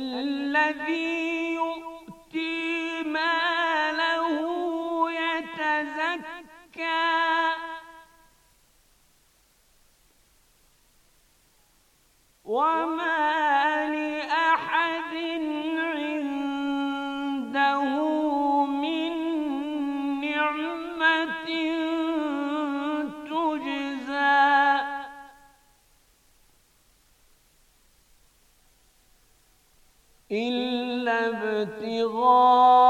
الذي إلا ابتغاء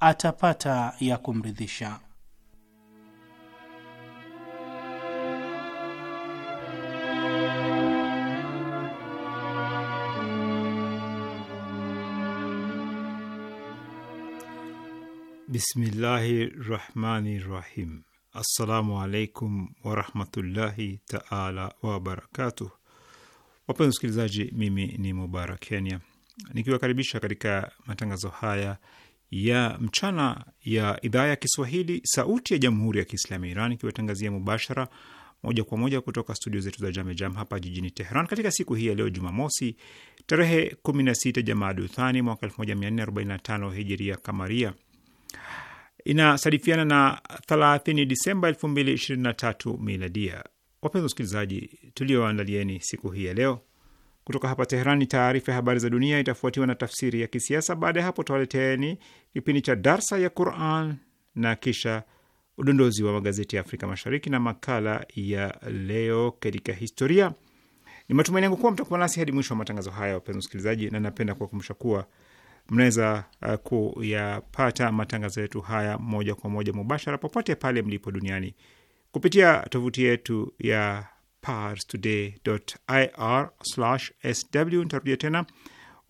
atapata ya kumridhisha. Bismillahi rahmani rahim. Assalamu alaikum warahmatullahi taala wabarakatuh. Wapenzi wasikilizaji, mimi ni Mubarak Kenya nikiwakaribisha katika matangazo haya ya mchana ya idhaa ya Kiswahili, Sauti ya Jamhuri ya Kiislamu ya Iran, ikiwatangazia mubashara moja kwa moja kutoka studio zetu za Jamejam hapa jijini Teheran katika siku hii ya leo Jumamosi tarehe 16 Jamadu Thani mwaka 1445 Hijiria Kamaria, inasadifiana na 30 Disemba 2023 Miladia. Wapenzi wasikilizaji, tulioandalieni siku hii ya leo kutoka hapa Teherani, taarifa ya habari za dunia itafuatiwa na tafsiri ya kisiasa. Baada ya hapo, tawaleteni kipindi cha darsa ya Quran na kisha udondozi wa magazeti ya Afrika Mashariki na makala ya leo katika historia. Ni matumaini yangu kuwa mtakuwa nasi hadi mwisho wa matangazo haya, wapenzi msikilizaji, na napenda kuwakumbusha kuwa mnaweza uh, kuyapata matangazo yetu haya moja kwa moja mubashara popote pale mlipo duniani kupitia tovuti yetu ya parstoday.ir/sw. Nitarudia tena,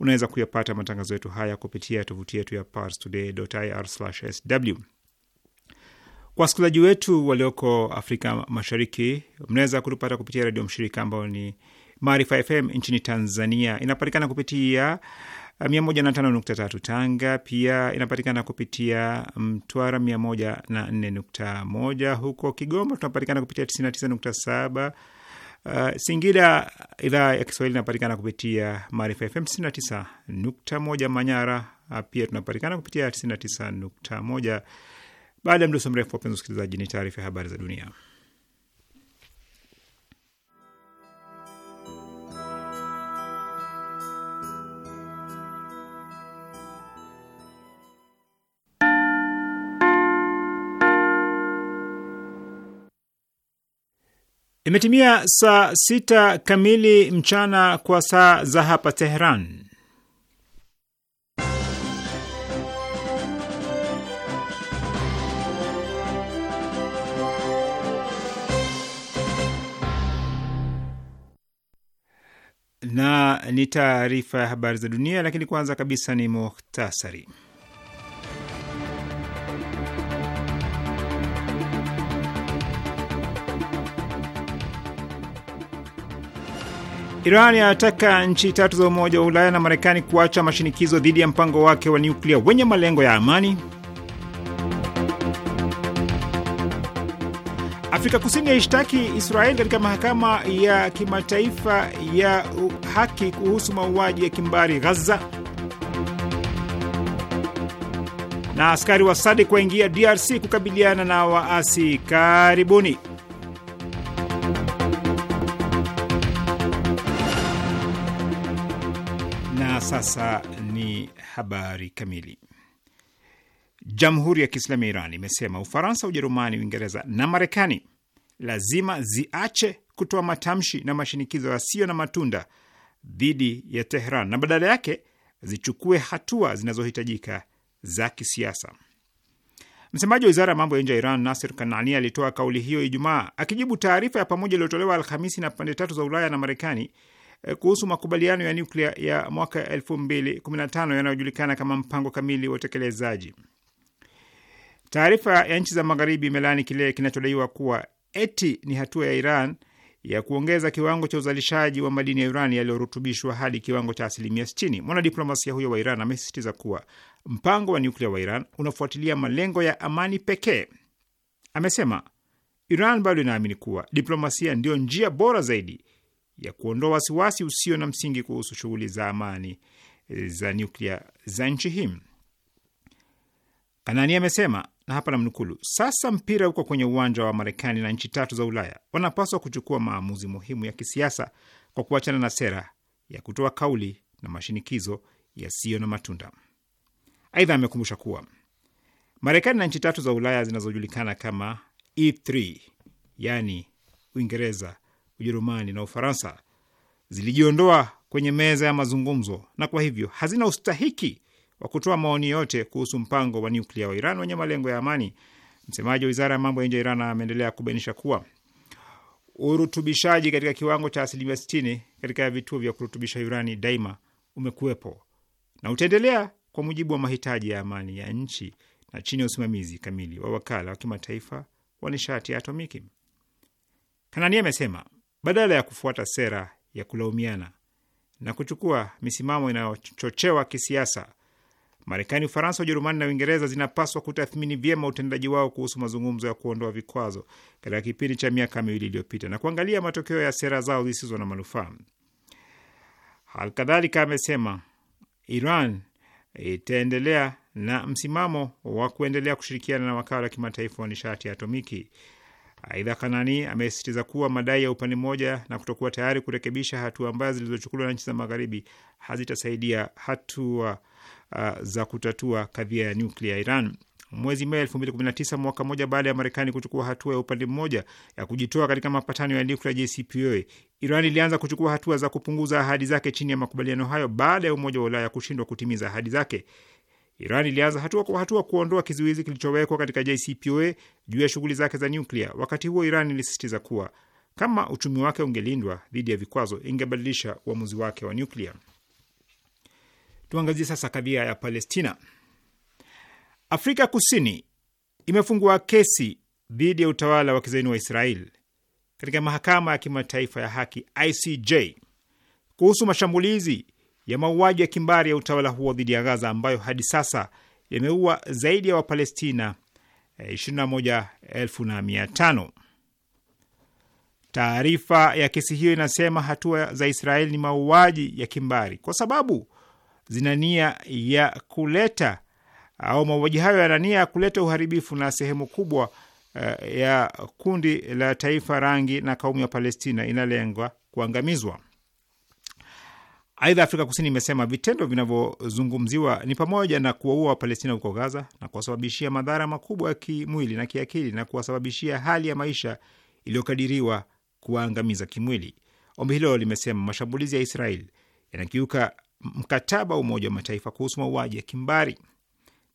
unaweza kuyapata matangazo yetu haya kupitia tovuti yetu ya parstoday.ir/sw. Kwa wasikilizaji wetu walioko Afrika Mashariki, mnaweza kutupata kupitia redio mshirika ambao ni Maarifa FM nchini Tanzania. Inapatikana kupitia 105.3 uh, Tanga, pia inapatikana kupitia Mtwara mm, 104.1. Huko Kigoma tunapatikana kupitia 99.7 Uh, Singida idhaa ya Kiswahili inapatikana kupitia Maarifa FM 99.1 Manyara. Uh, pia tunapatikana kupitia 99.1. Baada ya mdoso mrefu, wapenzi wasikilizaji, ni taarifa ya habari za dunia. Imetimia saa sita kamili mchana kwa saa za hapa Teheran. na ni taarifa ya habari za dunia, lakini kwanza kabisa ni muhtasari. Iran yataka nchi tatu za Umoja wa Ulaya na Marekani kuacha mashinikizo dhidi ya mpango wake wa nyuklia wenye malengo ya amani. Afrika Kusini yaishtaki Israel katika mahakama ya kimataifa ya haki kuhusu mauaji ya kimbari Gaza, na askari wa SADC waingia DRC kukabiliana na waasi. Karibuni. Sasa ni habari kamili. Jamhuri ya Kiislamu ya Iran imesema Ufaransa, Ujerumani, Uingereza na Marekani lazima ziache kutoa matamshi na mashinikizo yasiyo na matunda dhidi ya Tehran na badala yake zichukue hatua zinazohitajika za kisiasa. Msemaji wa wizara ya mambo ya nje ya Iran, Nasir Kanani, alitoa kauli hiyo Ijumaa akijibu taarifa ya pamoja iliyotolewa Alhamisi na pande tatu za Ulaya na Marekani Eh, kuhusu makubaliano ya nyuklia ya mwaka 2015 yanayojulikana kama mpango kamili wa utekelezaji. Taarifa ya nchi za Magharibi imelaani kile kinachodaiwa kuwa eti ni hatua ya Iran ya kuongeza kiwango cha uzalishaji wa madini ya urani yaliyorutubishwa hadi kiwango cha asilimia 60. Mwanadiplomasia huyo wa Iran amesisitiza kuwa mpango wa nyuklia wa Iran unafuatilia malengo ya amani pekee. Amesema Iran bado inaamini kuwa diplomasia ndiyo njia bora zaidi ya kuondoa wasiwasi usio na msingi kuhusu shughuli za amani e, za nyuklia za nchi hii. Kanani amesema na hapa namnukulu, sasa mpira uko kwenye uwanja wa Marekani na nchi tatu za Ulaya wanapaswa kuchukua maamuzi muhimu ya kisiasa kwa kuachana na sera ya kutoa kauli na mashinikizo yasiyo na matunda. Aidha, amekumbusha kuwa Marekani na nchi tatu za Ulaya zinazojulikana kama E3 yaani Uingereza, Ujerumani na Ufaransa zilijiondoa kwenye meza ya mazungumzo na kwa hivyo hazina ustahiki wa kutoa maoni yote kuhusu mpango wa nyuklia wa Iran wenye malengo ya amani. Msemaji wa wizara ya mambo ya nje ya Iran ameendelea kubainisha kuwa urutubishaji katika kiwango cha asilimia sitini katika vituo vya kurutubisha urani daima umekuwepo na utaendelea kwa mujibu wa mahitaji ya amani ya nchi na chini ya usimamizi kamili wa wakala wa kimataifa wa nishati ya atomiki. Kanani amesema badala ya kufuata sera ya kulaumiana na kuchukua misimamo inayochochewa kisiasa. Marekani, Ufaransa, Ujerumani na Uingereza zinapaswa kutathmini vyema utendaji wao kuhusu mazungumzo ya kuondoa vikwazo katika kipindi cha miaka miwili iliyopita na kuangalia matokeo ya sera zao zisizo na manufaa. Halikadhalika amesema Iran itaendelea na msimamo wa kuendelea kushirikiana na wakala wa kimataifa wa nishati ya atomiki Aidha, Kanani amesisitiza kuwa madai ya upande mmoja na kutokuwa tayari kurekebisha hatua ambazo zilizochukuliwa na nchi za magharibi hazitasaidia hatua uh, za kutatua kadhia ya nyuklia ya Iran. Mwezi Mei tisa, mwaka mmoja baada ya Marekani kuchukua hatua ya upande mmoja ya kujitoa katika mapatano ya nuklia JCPOA, Iran ilianza kuchukua hatua za kupunguza ahadi zake chini ya makubaliano hayo baada ya Umoja wa Ulaya kushindwa kutimiza ahadi zake. Iran ilianza hatua kwa hatua kuondoa kizuizi kilichowekwa katika JCPOA juu ya shughuli zake za nyuklia. Wakati huo, Iran ilisisitiza kuwa kama uchumi wake ungelindwa dhidi ya vikwazo, ingebadilisha uamuzi wake wa nyuklia. Tuangazie sasa kadhia ya Palestina. Afrika Kusini imefungua kesi dhidi ya utawala wa kizaini wa Israel katika mahakama ya kimataifa ya haki ICJ kuhusu mashambulizi ya mauaji ya kimbari ya utawala huo dhidi ya Gaza ambayo hadi sasa yameua zaidi ya Wapalestina 21,500. Eh, Taarifa ya kesi hiyo inasema hatua za Israeli ni mauaji ya kimbari kwa sababu zina nia ya kuleta au mauaji hayo yana nia ya kuleta uharibifu na sehemu kubwa eh, ya kundi la taifa, rangi na kaumu ya Palestina inalengwa kuangamizwa. Aidha, Afrika Kusini imesema vitendo vinavyozungumziwa ni pamoja na kuwaua Wapalestina huko Gaza na kuwasababishia madhara makubwa ya kimwili na kiakili na kuwasababishia hali ya maisha iliyokadiriwa kuwaangamiza kimwili. Ombi hilo limesema mashambulizi ya Israel yanakiuka mkataba wa Umoja wa Mataifa kuhusu mauaji ya kimbari,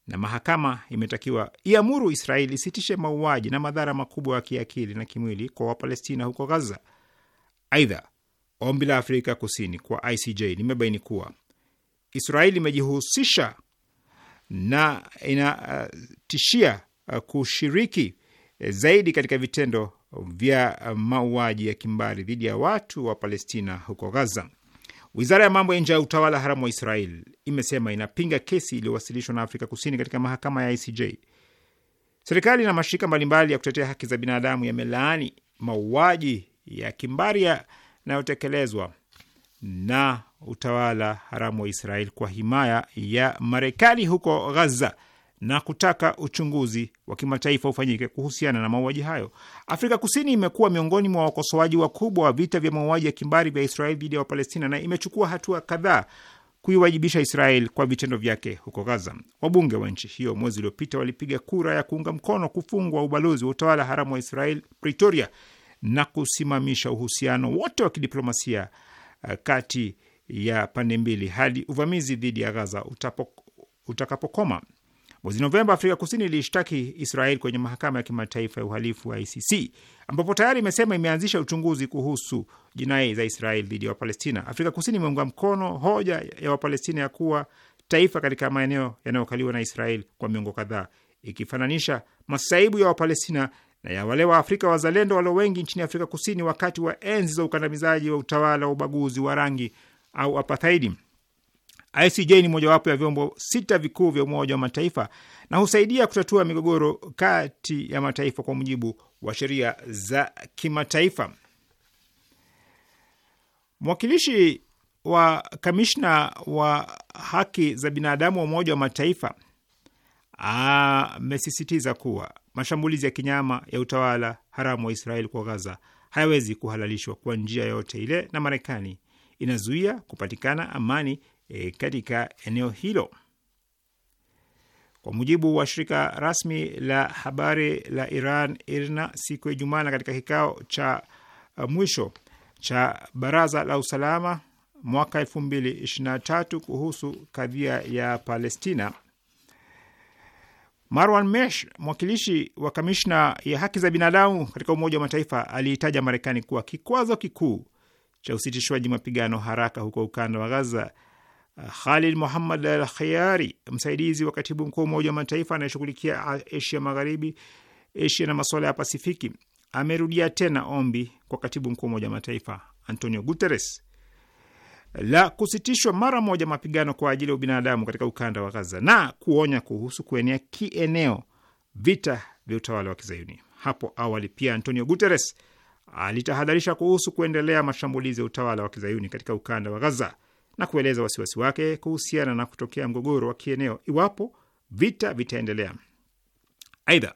na mahakama imetakiwa iamuru Israel isitishe mauaji na madhara makubwa ya kiakili na kimwili kwa Wapalestina huko Gaza. Aidha, Ombi la Afrika Kusini kwa ICJ limebaini kuwa Israeli imejihusisha na inatishia uh, kushiriki eh, zaidi katika vitendo vya mauaji ya kimbari dhidi ya watu wa Palestina huko Gaza. Wizara ya mambo ya nje ya utawala haramu wa Israel imesema inapinga kesi iliyowasilishwa na Afrika Kusini katika mahakama ya ICJ. Serikali na mashirika mbalimbali ya kutetea haki za binadamu yamelaani mauaji ya kimbari ya yanayotekelezwa na utawala haramu wa Israel kwa himaya ya Marekani huko Ghaza na kutaka uchunguzi wa kimataifa ufanyike kuhusiana na mauaji hayo. Afrika Kusini imekuwa miongoni mwa wakosoaji wakubwa wa vita vya mauaji ya kimbari vya Israel dhidi ya Wapalestina na imechukua hatua kadhaa kuiwajibisha Israel kwa vitendo vyake huko Gaza. Wabunge wa nchi hiyo mwezi uliopita walipiga kura ya kuunga mkono kufungwa ubalozi wa utawala haramu wa Israel Pretoria na kusimamisha uhusiano wote wa kidiplomasia uh, kati ya pande mbili hadi uvamizi dhidi ya Gaza utakapokoma. Mwezi Novemba, Afrika Kusini ilishtaki Israel kwenye mahakama ya kimataifa ya uhalifu wa ICC, ambapo tayari imesema imeanzisha uchunguzi kuhusu jinai za Israel dhidi ya Wapalestina. Afrika Kusini imeunga mkono hoja ya Wapalestina ya kuwa taifa katika maeneo yanayokaliwa na Israel kwa miongo kadhaa, ikifananisha masaibu ya Wapalestina na ya wale wa Afrika wazalendo walio wengi nchini Afrika Kusini wakati wa enzi za ukandamizaji wa utawala wa ubaguzi wa rangi au apartheid. ICJ ni mojawapo ya vyombo sita vikuu vya Umoja wa Mataifa na husaidia kutatua migogoro kati ya mataifa kwa mujibu wa sheria za kimataifa. Mwakilishi wa kamishna wa haki za binadamu wa Umoja wa Mataifa amesisitiza kuwa mashambulizi ya kinyama ya utawala haramu wa Israeli kwa Gaza hayawezi kuhalalishwa kwa njia yoyote ile, na Marekani inazuia kupatikana amani e, katika eneo hilo. Kwa mujibu wa shirika rasmi la habari la Iran IRNA siku ya Ijumaa, na katika kikao cha e, mwisho cha baraza la usalama mwaka 2023 kuhusu kadhia ya Palestina, Marwan Mesh, mwakilishi wa kamishna ya haki za binadamu katika Umoja wa Mataifa, aliitaja Marekani kuwa kikwazo kikuu cha usitishwaji mapigano haraka huko ukanda wa Gaza. Uh, Khalid Muhammad Al khayari msaidizi wa katibu mkuu wa Umoja wa Mataifa anayeshughulikia Asia Magharibi, Asia na masuala ya Pasifiki, amerudia tena ombi kwa katibu mkuu wa Umoja wa Mataifa Antonio Guterres la kusitishwa mara moja mapigano kwa ajili ya ubinadamu katika ukanda wa Gaza na kuonya kuhusu kuenea kieneo vita vya utawala wa Kizayuni. Hapo awali pia Antonio Guterres alitahadharisha kuhusu kuendelea mashambulizi ya utawala wa Kizayuni katika ukanda wa Gaza na kueleza wasiwasi wake kuhusiana na kutokea mgogoro wa kieneo iwapo vita vitaendelea. Aidha,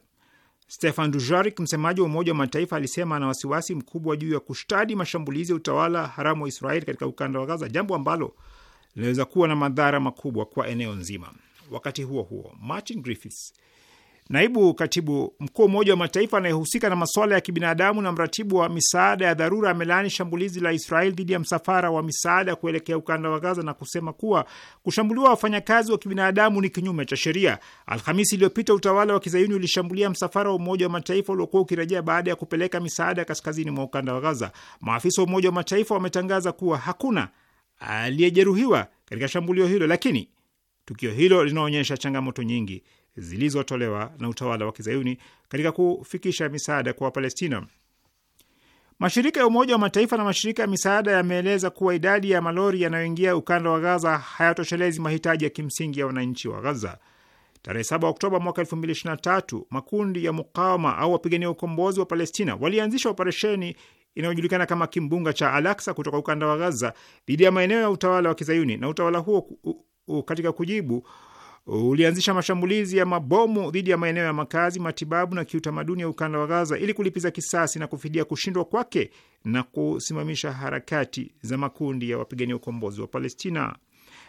Stefan Dujarik, msemaji wa Umoja wa Mataifa, alisema ana wasiwasi mkubwa juu ya kushtadi mashambulizi ya utawala haramu wa Israeli katika ukanda wa Gaza, jambo ambalo linaweza kuwa na madhara makubwa kwa eneo nzima. Wakati huo huo, Martin Griffiths, Naibu katibu mkuu wa Umoja wa Mataifa anayehusika na masuala ya kibinadamu na mratibu wa misaada ya dharura amelaani shambulizi la Israel dhidi ya msafara wa misaada kuelekea ukanda wa Gaza na kusema kuwa kushambuliwa wafanyakazi wa kibinadamu ni kinyume cha sheria. Alhamisi iliyopita utawala wa kizayuni ulishambulia msafara wa Umoja wa Mataifa uliokuwa ukirejea baada ya kupeleka misaada kaskazini mwa ukanda wa Gaza. Maafisa wa Umoja wa Mataifa wametangaza kuwa hakuna aliyejeruhiwa katika shambulio hilo, lakini tukio hilo linaonyesha changamoto nyingi zilizotolewa na utawala wa kizayuni katika kufikisha misaada kwa Wapalestina. Mashirika ya Umoja wa Mataifa na mashirika ya misaada yameeleza kuwa idadi ya malori yanayoingia ukanda wa Gaza hayatoshelezi mahitaji ya kimsingi ya wananchi wa Gaza. Tarehe 7 Oktoba mwaka 2023 makundi ya mukawama au wapigania ukombozi wa Palestina walianzisha operesheni inayojulikana kama Kimbunga cha Alaksa kutoka ukanda wa Gaza dhidi ya maeneo ya utawala wa kizayuni na utawala huo u, u, katika kujibu ulianzisha mashambulizi ya mabomu dhidi ya maeneo ya makazi, matibabu na kiutamaduni ya ukanda wa Gaza ili kulipiza kisasi na kufidia kushindwa kwake na kusimamisha harakati za makundi ya wapigania ukombozi wa Palestina.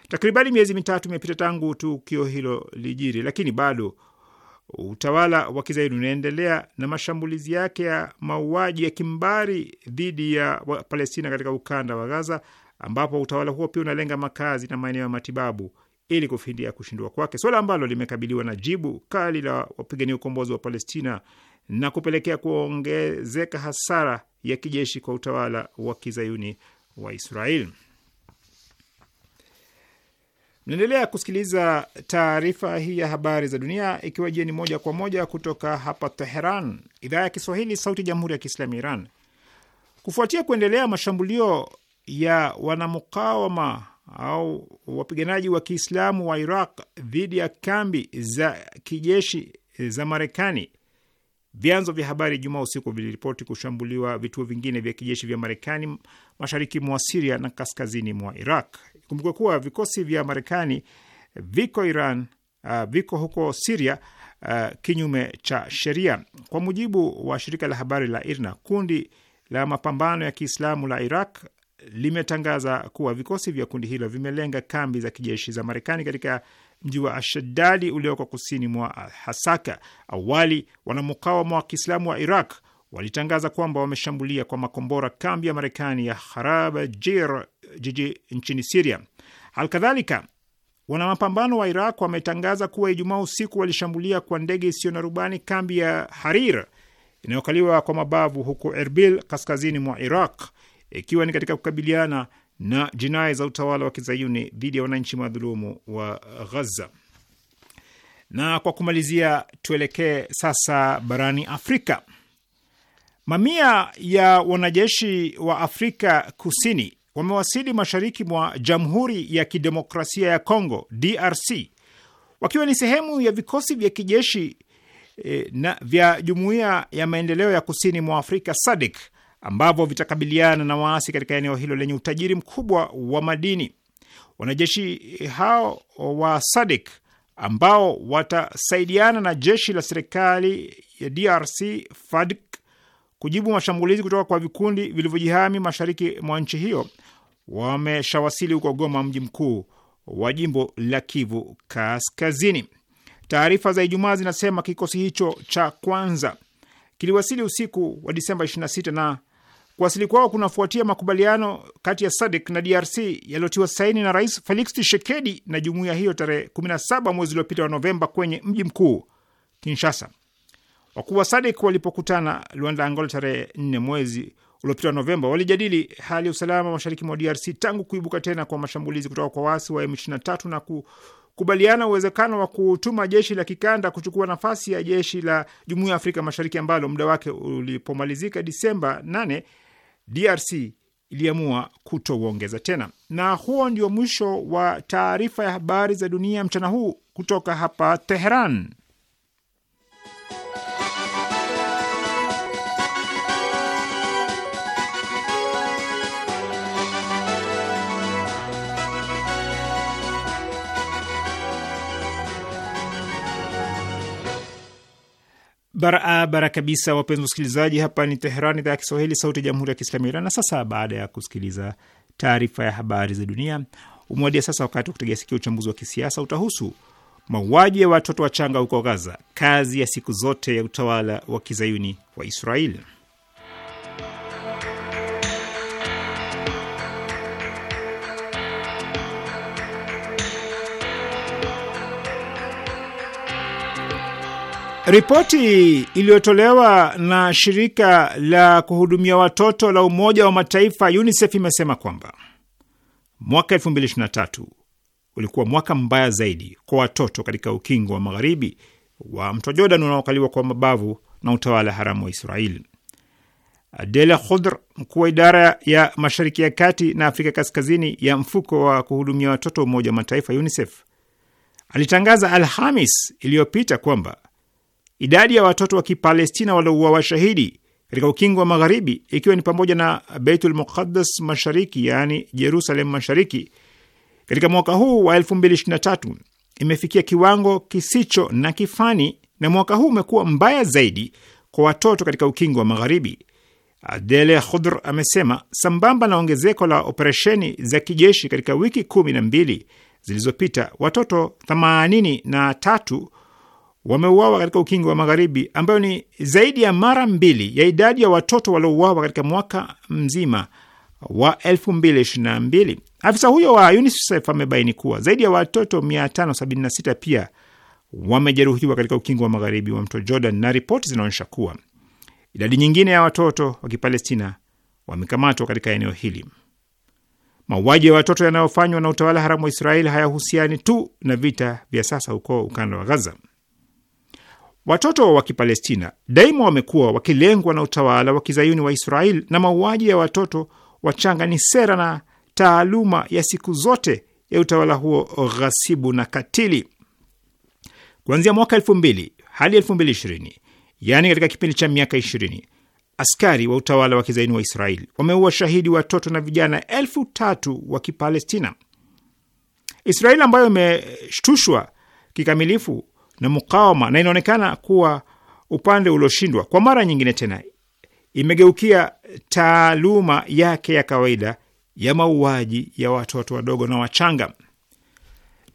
Takribani miezi mitatu imepita tangu tukio hilo lijiri, lakini bado utawala wa kizaidi unaendelea na mashambulizi yake ya mauaji ya kimbari dhidi ya Palestina katika ukanda wa Gaza, ambapo utawala huo pia unalenga makazi na maeneo ya matibabu ili kufidia kushindwa kwake, swala ambalo limekabiliwa na jibu kali la wapigania ukombozi wa Palestina na kupelekea kuongezeka hasara ya kijeshi kwa utawala wa kizayuni wa Israel. Naendelea kusikiliza taarifa hii ya habari za dunia, ikiwa jieni moja kwa moja kutoka hapa Teheran, idhaa ya Kiswahili, sauti ya jamhuri ya kiislamu Iran. Kufuatia kuendelea mashambulio ya wanamukawama au wapiganaji wa Kiislamu wa Iraq dhidi ya kambi za kijeshi za Marekani. Vyanzo vya habari Jumaa usiku viliripoti kushambuliwa vituo vingine vya kijeshi vya Marekani mashariki mwa Siria na kaskazini mwa Iraq. Kumbuka kuwa vikosi vya Marekani viko Iran, uh, viko huko Siria uh, kinyume cha sheria. Kwa mujibu wa shirika la habari la IRNA, kundi la mapambano ya Kiislamu la Iraq limetangaza kuwa vikosi vya kundi hilo vimelenga kambi za kijeshi za Marekani katika mji wa Ashadadi ulioko kusini mwa Hasaka. Awali wanamukawama wa Kiislamu wa Iraq walitangaza kwamba wameshambulia kwa makombora kambi ya Marekani ya Jir jiji nchini Siria. Halkadhalika, wanamapambano wa Iraq wametangaza kuwa Ijumaa usiku walishambulia kwa ndege isiyo na rubani kambi ya Harir inayokaliwa kwa mabavu huko Erbil, kaskazini mwa Iraq ikiwa ni katika kukabiliana na jinai za utawala wa kizayuni dhidi ya wananchi madhulumu wa Ghaza. Na kwa kumalizia, tuelekee sasa barani Afrika. Mamia ya wanajeshi wa Afrika Kusini wamewasili mashariki mwa Jamhuri ya Kidemokrasia ya Kongo, DRC, wakiwa ni sehemu ya vikosi vya kijeshi eh, na vya Jumuiya ya Maendeleo ya Kusini mwa Afrika SADC ambavyo vitakabiliana na waasi katika eneo hilo lenye utajiri mkubwa wa madini. Wanajeshi hao wa Sadik ambao watasaidiana na jeshi la serikali ya DRC FADC kujibu mashambulizi kutoka kwa vikundi vilivyojihami mashariki mwa nchi hiyo wameshawasili huko Goma, mji mkuu wa jimbo la Kivu Kaskazini. Taarifa za Ijumaa zinasema kikosi hicho cha kwanza kiliwasili usiku wa Disemba 26 na Kuwasili kwao kunafuatia makubaliano kati ya SADC na DRC yaliyotiwa saini na Rais Felix Tshisekedi na jumuiya hiyo tarehe 17 mwezi uliopita wa Novemba kwenye mji mkuu Kinshasa. Wakuu wa SADC walipokutana Luanda, Angola tarehe 4 mwezi uliopita wa Novemba, walijadili hali ya usalama mashariki mwa DRC tangu kuibuka tena kwa mashambulizi kutoka kwa waasi wa M23 na kukubaliana uwezekano wa kutuma jeshi la kikanda kuchukua nafasi ya jeshi la Jumuiya ya Afrika Mashariki ambalo muda wake ulipomalizika Disemba 8 DRC iliamua kutouongeza tena. Na huo ndio mwisho wa taarifa ya habari za dunia mchana huu kutoka hapa Teheran. Barabara kabisa, wapenzi wasikilizaji, hapa ni Teheran, idhaa ya Kiswahili, sauti ya jamhuri ya kiislamu ya Iran. Na sasa baada ya kusikiliza taarifa ya habari za dunia, umewadia sasa wakati wa kutegea sikia Uchambuzi wa kisiasa utahusu mauaji ya watoto wachanga huko Gaza, kazi ya siku zote ya utawala wa kizayuni wa Israeli. Ripoti iliyotolewa na shirika la kuhudumia watoto la Umoja wa Mataifa UNICEF imesema kwamba mwaka 2023 ulikuwa mwaka mbaya zaidi kwa watoto katika ukingo wa magharibi wa mto Jordan unaokaliwa kwa mabavu na utawala haramu wa Israeli. Adela Khudr, mkuu wa idara ya Mashariki ya Kati na Afrika Kaskazini ya mfuko wa kuhudumia watoto Umoja wa Mataifa UNICEF, alitangaza Alhamis iliyopita kwamba idadi ya watoto wa Kipalestina waliouawa washahidi katika ukingo wa magharibi ikiwa ni pamoja na Beitul Muqaddas mashariki yaani Jerusalem mashariki katika mwaka huu wa 2023 imefikia kiwango kisicho na kifani, na mwaka huu umekuwa mbaya zaidi kwa watoto katika ukingo wa magharibi. Adele Khudr amesema sambamba na ongezeko la operesheni za kijeshi katika wiki kumi na mbili zilizopita, watoto themanini na tatu wameuawa katika ukingo wa magharibi ambayo ni zaidi ya mara mbili ya idadi ya watoto waliouawa katika mwaka mzima wa 2022. Afisa huyo wa UNICEF amebaini kuwa zaidi ya watoto 576 pia wamejeruhiwa katika ukingo wa magharibi wa mto Jordan, na ripoti zinaonyesha kuwa idadi nyingine ya watoto wa Kipalestina wamekamatwa katika eneo hili. Mauaji ya watoto yanayofanywa na utawala haramu wa Israeli hayahusiani tu na vita vya sasa huko ukanda wa Gaza. Watoto wa Kipalestina daima wamekuwa wakilengwa na utawala wa kizayuni wa Israel na mauaji ya watoto wachanga ni sera na taaluma ya siku zote ya utawala huo ghasibu na katili. Kuanzia mwaka elfu mbili hadi elfu mbili ishirini yaani katika kipindi cha miaka ishirini askari wa utawala wa kizaini wa israel wameua shahidi watoto na vijana elfu tatu wa Kipalestina. israel ambayo imeshtushwa kikamilifu na mukawama na inaonekana kuwa upande ulioshindwa. Kwa mara nyingine tena imegeukia taaluma yake ya kawaida ya mauaji ya watoto wadogo na wachanga.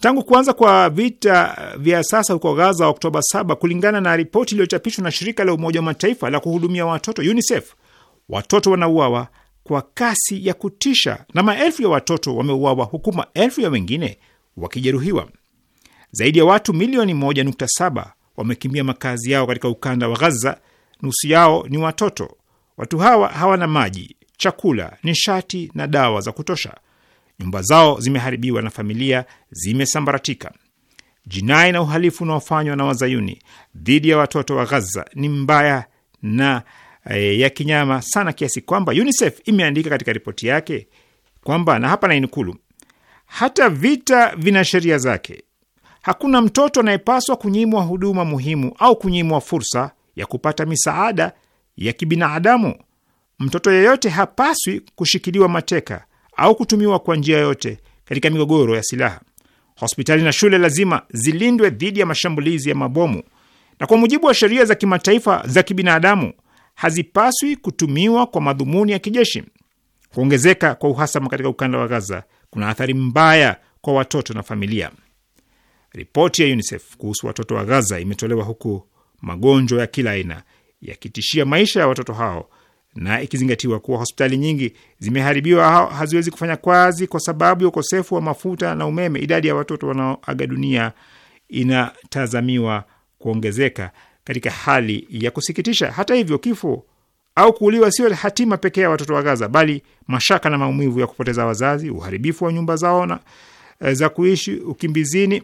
Tangu kuanza kwa vita vya sasa huko Gaza Oktoba 7, kulingana na ripoti iliyochapishwa na shirika la Umoja wa Mataifa la kuhudumia watoto UNICEF, watoto wanauawa kwa kasi ya kutisha na maelfu ya watoto wameuawa huku maelfu ya wengine wakijeruhiwa. Zaidi ya watu milioni 1.7 wamekimbia makazi yao katika ukanda wa Gaza, nusu yao ni watoto. Watu hawa hawana maji, chakula, nishati na dawa za kutosha. Nyumba zao zimeharibiwa na familia zimesambaratika. Jinai na uhalifu unaofanywa na wazayuni dhidi ya watoto wa Gaza ni mbaya na e, ya kinyama sana kiasi kwamba UNICEF imeandika katika ripoti yake kwamba, na hapa nainukulu, hata vita vina sheria zake Hakuna mtoto anayepaswa kunyimwa huduma muhimu au kunyimwa fursa ya kupata misaada ya kibinadamu. Mtoto yeyote hapaswi kushikiliwa mateka au kutumiwa kwa njia yoyote katika migogoro ya silaha. Hospitali na shule lazima zilindwe dhidi ya mashambulizi ya mabomu, na kwa mujibu wa sheria za kimataifa za kibinadamu hazipaswi kutumiwa kwa madhumuni ya kijeshi. Kuongezeka kwa uhasama katika ukanda wa Gaza kuna athari mbaya kwa watoto na familia. Ripoti ya UNICEF kuhusu watoto wa Gaza imetolewa huku magonjwa ya kila aina yakitishia maisha ya watoto hao na ikizingatiwa kuwa hospitali nyingi zimeharibiwa, haziwezi kufanya kazi kwa sababu ya ukosefu wa mafuta na umeme. Idadi ya watoto wanaoaga dunia inatazamiwa kuongezeka katika hali ya kusikitisha. Hata hivyo, kifo au kuuliwa sio hatima pekee ya watoto wa Gaza, bali mashaka na maumivu ya kupoteza wazazi, uharibifu wa nyumba zao na eh, za kuishi, ukimbizini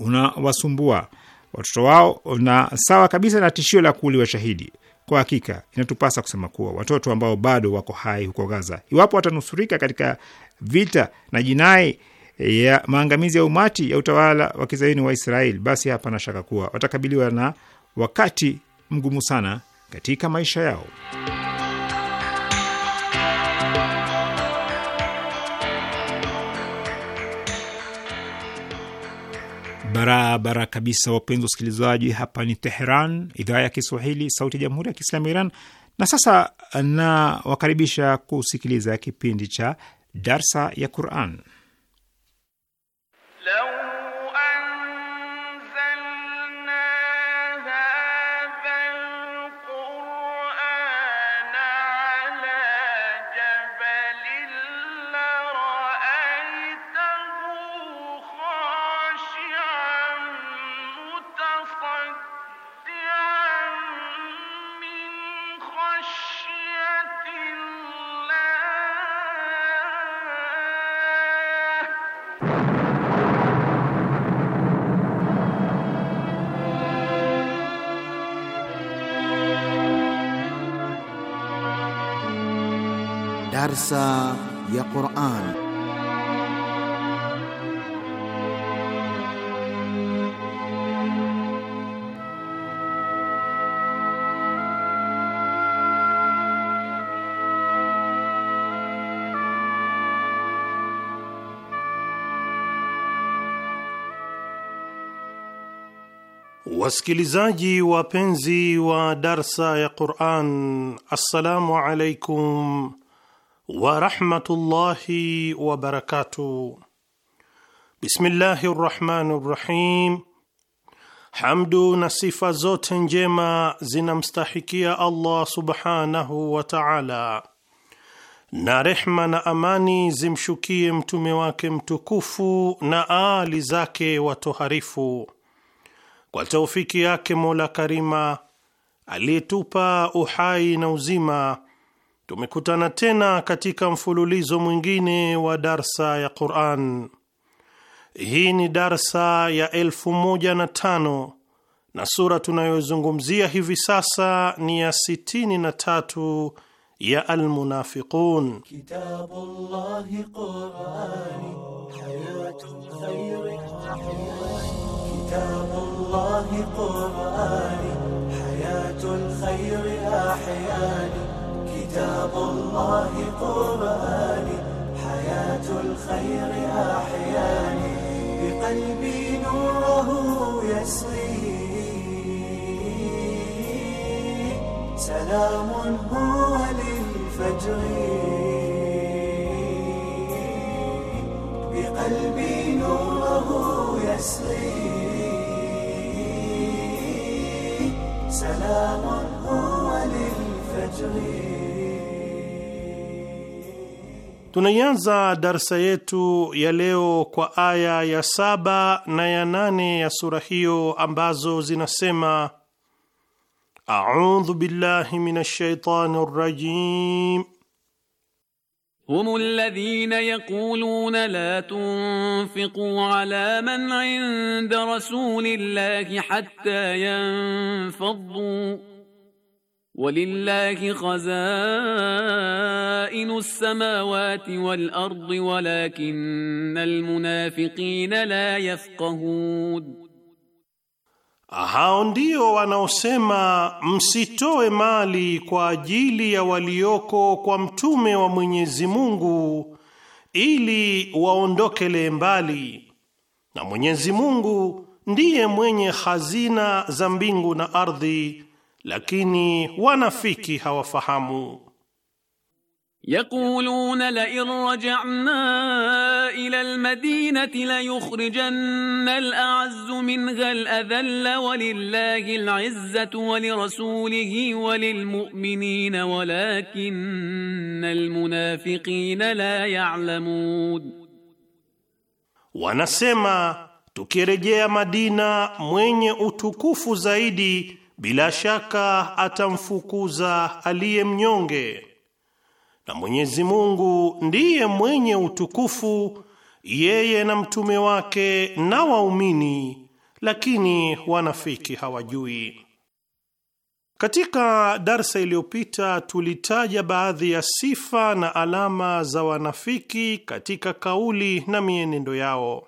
unawasumbua watoto wao na sawa kabisa na tishio la kuuliwa shahidi. Kwa hakika inatupasa kusema kuwa watoto ambao bado wako hai huko Gaza, iwapo watanusurika katika vita na jinai ya maangamizi ya umati ya utawala wa kizayuni wa Israeli, basi hapana shaka kuwa watakabiliwa na wakati mgumu sana katika maisha yao. barabara kabisa, wapenzi wasikilizaji. Hapa ni Teheran, idhaa ya Kiswahili, sauti ya jamhuri ya kiislamu ya Iran. Na sasa nawakaribisha kusikiliza kipindi cha darsa ya Quran. darsa ya Qur'an. Wasikilizaji wapenzi wa darsa ya Qur'an, assalamu alaikum wa rahmatullahi wa barakatuh. Bismillahi rahmani rahim. Hamdu na sifa zote njema zinamstahikia Allah subhanahu wa ta'ala, na rehma na amani zimshukie mtume wake mtukufu na aali zake watoharifu. Kwa taufiki yake Mola Karima aliyetupa uhai na uzima Tumekutana tena katika mfululizo mwingine wa darsa ya Quran. Hii ni darsa ya elfu moja na tano na sura tunayozungumzia hivi sasa ni ya sitini na tatu ya Almunafiqun. كتاب الله قرآني حياة الخير أحياني بقلبي نوره يسري سلام هو للفجر بقلبي نوره يسري سلام هو للفجر Tunaianza darsa yetu ya leo kwa aya ya saba na ya nane ya sura hiyo ambazo zinasema: audhu billahi minash shaitani rajim Humu alladhina يقولون la تنفقوا ala man inda رسول الله حتى ينفضوا Walillahi khazainu samawati wal ardi walakinnal munafiqina la yafqahun, hao ndio wanaosema msitoe mali kwa ajili ya walioko kwa mtume wa Mwenyezi Mungu ili waondokele mbali, na Mwenyezi Mungu ndiye mwenye hazina za mbingu na ardhi لكني lakini wanafiki hawafahamu. يقولون لئن رجعنا إلى المدينة ليخرجن الأعز منها الأذل ولله العزة ولرسوله وللمؤمنين ولكن المنافقين لا يعلمون wanasema tukirejea Madina mwenye utukufu zaidi bila shaka atamfukuza aliye mnyonge, na Mwenyezi Mungu ndiye mwenye utukufu, yeye na mtume wake na waumini, lakini wanafiki hawajui. Katika darsa iliyopita tulitaja baadhi ya sifa na alama za wanafiki katika kauli na mienendo yao.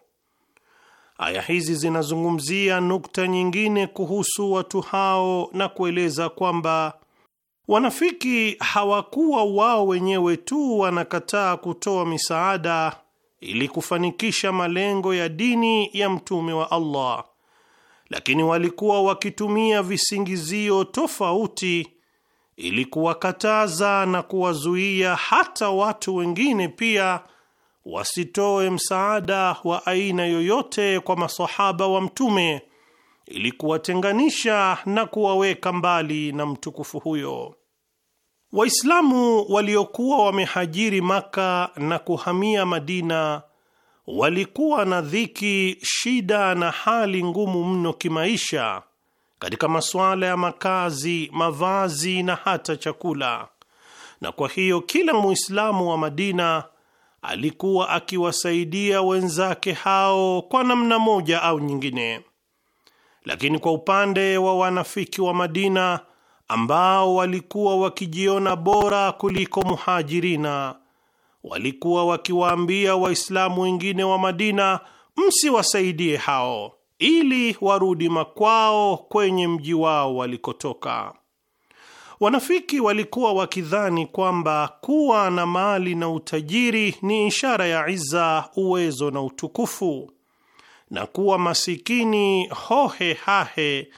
Aya hizi zinazungumzia nukta nyingine kuhusu watu hao na kueleza kwamba wanafiki hawakuwa wao wenyewe tu wanakataa kutoa misaada ili kufanikisha malengo ya dini ya mtume wa Allah, lakini walikuwa wakitumia visingizio tofauti ili kuwakataza na kuwazuia hata watu wengine pia wasitoe msaada wa aina yoyote kwa masahaba wa Mtume ili kuwatenganisha na kuwaweka mbali na mtukufu huyo. Waislamu waliokuwa wamehajiri Maka na kuhamia Madina walikuwa na dhiki, shida na hali ngumu mno kimaisha katika masuala ya makazi, mavazi na hata chakula, na kwa hiyo kila Muislamu wa Madina alikuwa akiwasaidia wenzake hao kwa namna moja au nyingine. Lakini kwa upande wa wanafiki wa Madina ambao walikuwa wakijiona bora kuliko Muhajirina, walikuwa wakiwaambia Waislamu wengine wa Madina, msiwasaidie hao ili warudi makwao kwenye mji wao walikotoka. Wanafiki walikuwa wakidhani kwamba kuwa na mali na utajiri ni ishara ya iza, uwezo na utukufu, na kuwa masikini hohe hahe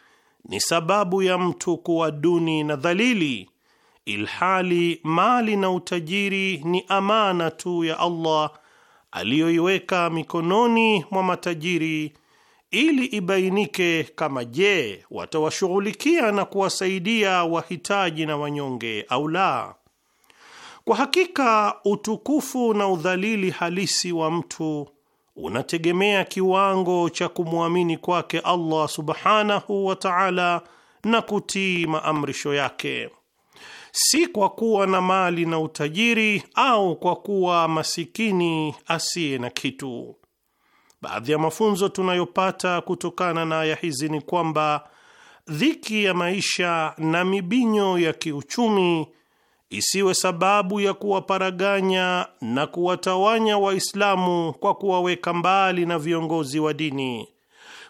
ni sababu ya mtu kuwa duni na dhalili, ilhali mali na utajiri ni amana tu ya Allah aliyoiweka mikononi mwa matajiri ili ibainike kama je, watawashughulikia na kuwasaidia wahitaji na wanyonge au la. Kwa hakika utukufu na udhalili halisi wa mtu unategemea kiwango cha kumwamini kwake Allah subhanahu wa ta'ala na kutii maamrisho yake, si kwa kuwa na mali na utajiri au kwa kuwa masikini asiye na kitu. Baadhi ya mafunzo tunayopata kutokana na aya hizi ni kwamba dhiki ya maisha na mibinyo ya kiuchumi isiwe sababu ya kuwaparaganya na kuwatawanya Waislamu kwa kuwaweka mbali na viongozi wa dini,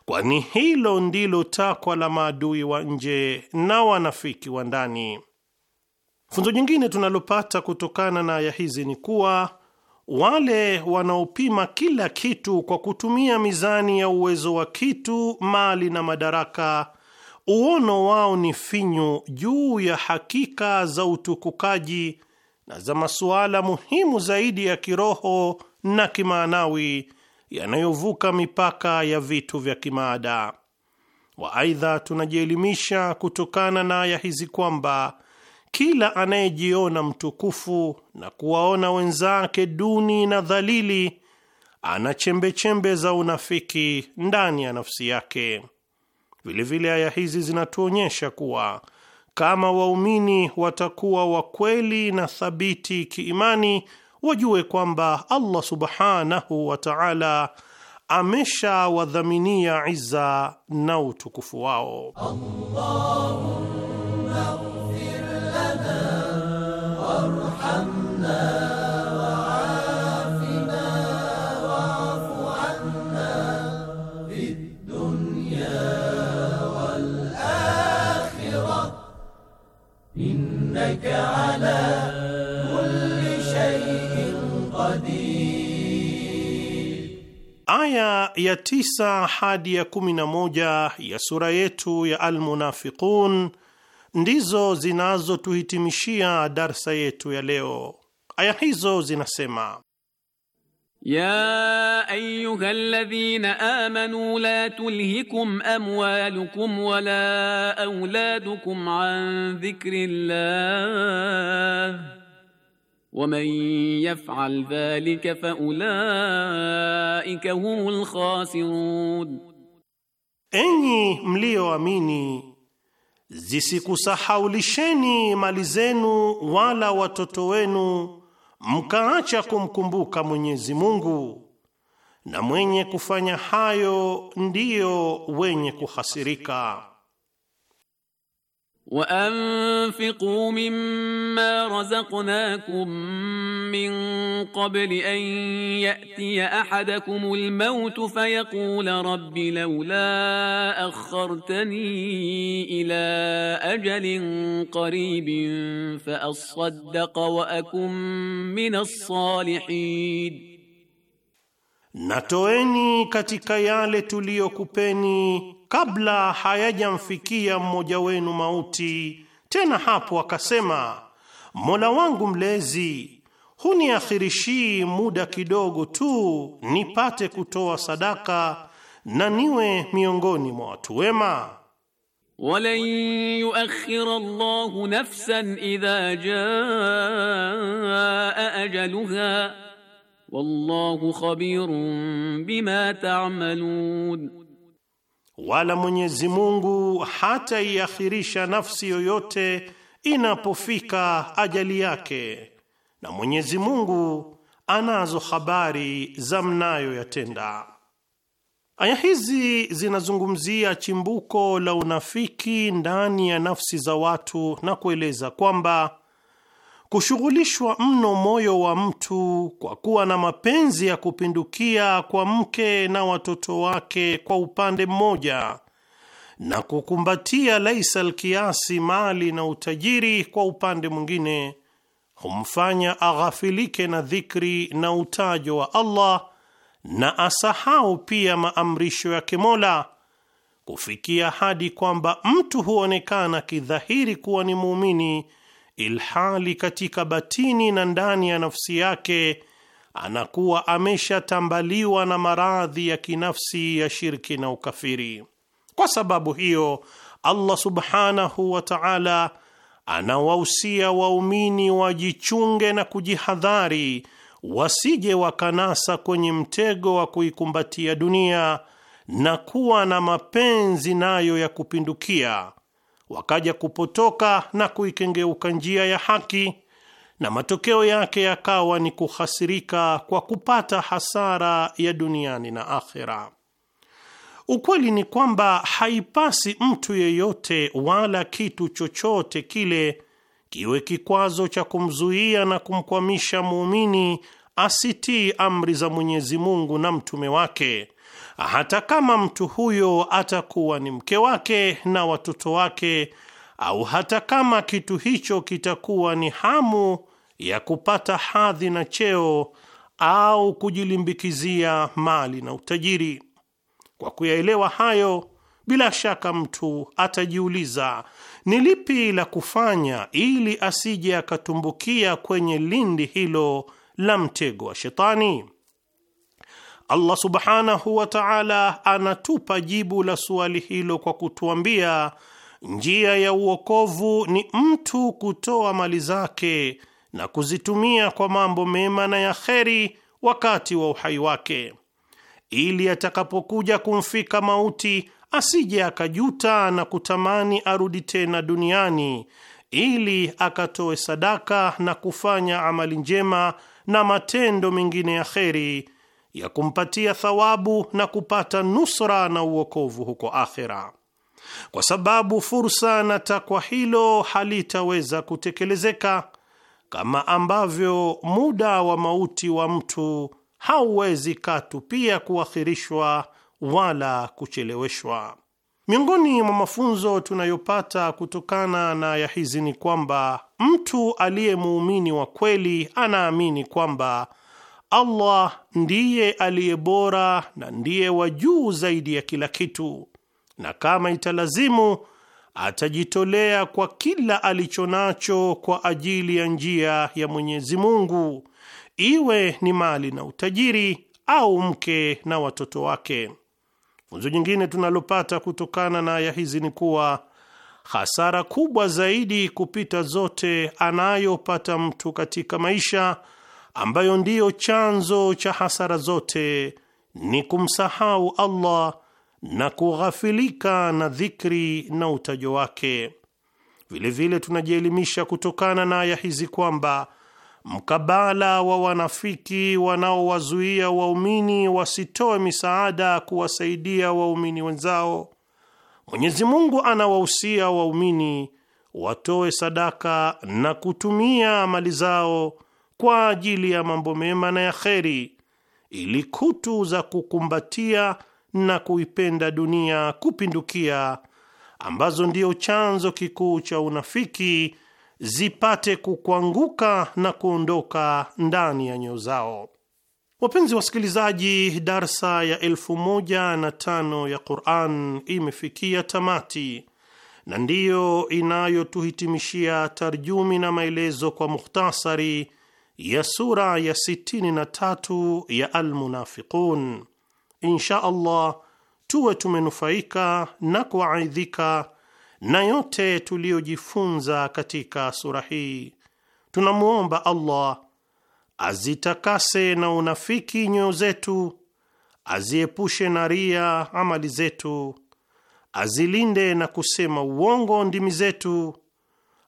kwani hilo ndilo takwa la maadui wa nje na wanafiki wa ndani. Funzo jingine tunalopata kutokana na aya hizi ni kuwa wale wanaopima kila kitu kwa kutumia mizani ya uwezo wa kitu, mali na madaraka, uono wao ni finyu juu ya hakika za utukukaji na za masuala muhimu zaidi ya kiroho na kimaanawi yanayovuka mipaka ya vitu vya kimaada. Waaidha, tunajielimisha kutokana na aya hizi kwamba kila anayejiona mtukufu na kuwaona wenzake duni na dhalili, ana chembechembe za unafiki ndani ya nafsi yake. Vilevile aya hizi zinatuonyesha kuwa kama waumini watakuwa wakweli na thabiti kiimani, wajue kwamba Allah subhanahu wa ta'ala ameshawadhaminia iza na utukufu wao Allahumma Aya ya tisa hadi ya kumi na moja ya sura yetu ya Almunafiqun ndizo zinazotuhitimishia darsa yetu ya leo. Aya hizo zinasema: يا أيها الذين آمنوا لا تلهكم أموالكم ولا أولادكم عن ذكر الله ومن يفعل ذلك فأولئك هم الخاسرون Enyi مليو اميني lisheni mali zenu wala watoto wenu mkaacha kumkumbuka Mwenyezi Mungu, na mwenye kufanya hayo ndiyo wenye kuhasirika. وانفقوا مما رزقناكم من قبل ان ياتي احدكم الموت فيقول رب لولا اخرتني الى اجل قريب فاصدق واكن من الصالحين natoeni katika yale tuliyokupeni kabla hayajamfikia mmoja wenu mauti. Tena hapo akasema, Mola wangu mlezi, huniakhirishii muda kidogo tu nipate kutoa sadaka na niwe miongoni mwa watu wema. Walan yuakhira Allahu nafsan idha jaa ajaluha wallahu khabirun bima ta'malun wala Mwenyezi Mungu hataiakhirisha nafsi yoyote inapofika ajali yake, na Mwenyezi Mungu anazo habari za mnayoyatenda. Aya hizi zinazungumzia chimbuko la unafiki ndani ya nafsi za watu na kueleza kwamba kushughulishwa mno moyo wa mtu kwa kuwa na mapenzi ya kupindukia kwa mke na watoto wake kwa upande mmoja, na kukumbatia laisa alkiasi, mali na utajiri kwa upande mwingine, humfanya aghafilike na dhikri na utajo wa Allah na asahau pia maamrisho yake Mola, kufikia hadi kwamba mtu huonekana kidhahiri kuwa ni muumini ilhali katika batini na ndani ya nafsi yake anakuwa ameshatambaliwa na maradhi ya kinafsi ya shirki na ukafiri. Kwa sababu hiyo, Allah subhanahu wa ta'ala anawahusia waumini wajichunge na kujihadhari wasije wakanasa kwenye mtego wa kuikumbatia dunia na kuwa na mapenzi nayo ya kupindukia wakaja kupotoka na kuikengeuka njia ya haki, na matokeo yake yakawa ni kuhasirika kwa kupata hasara ya duniani na akhera. Ukweli ni kwamba haipasi mtu yeyote wala kitu chochote kile kiwe kikwazo cha kumzuia na kumkwamisha muumini asitii amri za Mwenyezi Mungu na mtume wake hata kama mtu huyo atakuwa ni mke wake na watoto wake, au hata kama kitu hicho kitakuwa ni hamu ya kupata hadhi na cheo au kujilimbikizia mali na utajiri. Kwa kuyaelewa hayo, bila shaka mtu atajiuliza ni lipi la kufanya ili asije akatumbukia kwenye lindi hilo la mtego wa Shetani. Allah subhanahu wa ta'ala anatupa jibu la suali hilo kwa kutuambia njia ya uokovu ni mtu kutoa mali zake na kuzitumia kwa mambo mema na ya kheri wakati wa uhai wake, ili atakapokuja kumfika mauti asije akajuta na kutamani arudi tena duniani, ili akatoe sadaka na kufanya amali njema na matendo mengine ya kheri ya kumpatia thawabu na kupata nusra na uokovu huko akhera, kwa sababu fursa na takwa hilo halitaweza kutekelezeka kama ambavyo muda wa mauti wa mtu hauwezi katu pia kuakhirishwa wala kucheleweshwa. Miongoni mwa mafunzo tunayopata kutokana na ya hizi ni kwamba mtu aliye muumini wa kweli anaamini kwamba Allah ndiye aliye bora na ndiye wa juu zaidi ya kila kitu, na kama italazimu atajitolea kwa kila alicho nacho kwa ajili ya njia ya Mwenyezi Mungu, iwe ni mali na utajiri au mke na watoto wake. Funzo nyingine tunalopata kutokana na aya hizi ni kuwa hasara kubwa zaidi kupita zote anayopata mtu katika maisha ambayo ndiyo chanzo cha hasara zote ni kumsahau Allah na kughafilika na dhikri na utajo wake. Vilevile tunajielimisha kutokana na aya hizi kwamba mkabala wa wanafiki wanaowazuia waumini wasitoe misaada kuwasaidia waumini wenzao, Mwenyezi Mungu anawahusia waumini watoe sadaka na kutumia mali zao kwa ajili ya mambo mema na ya kheri, ili kutu za kukumbatia na kuipenda dunia kupindukia, ambazo ndio chanzo kikuu cha unafiki, zipate kukwanguka na kuondoka ndani ya nyoyo zao. Wapenzi wasikilizaji, darsa ya elfu moja na tano ya Quran imefikia tamati na ndiyo inayotuhitimishia tarjumi na maelezo kwa mukhtasari ya sura ya tatu ya Almunafiqun. Insha Allah tuwe tumenufaika na kuaidhika na yote tuliyojifunza katika sura hii. Tunamwomba Allah azitakase na unafiki nyoyo zetu, aziepushe na ria amali zetu, azilinde na kusema uongo ndimi zetu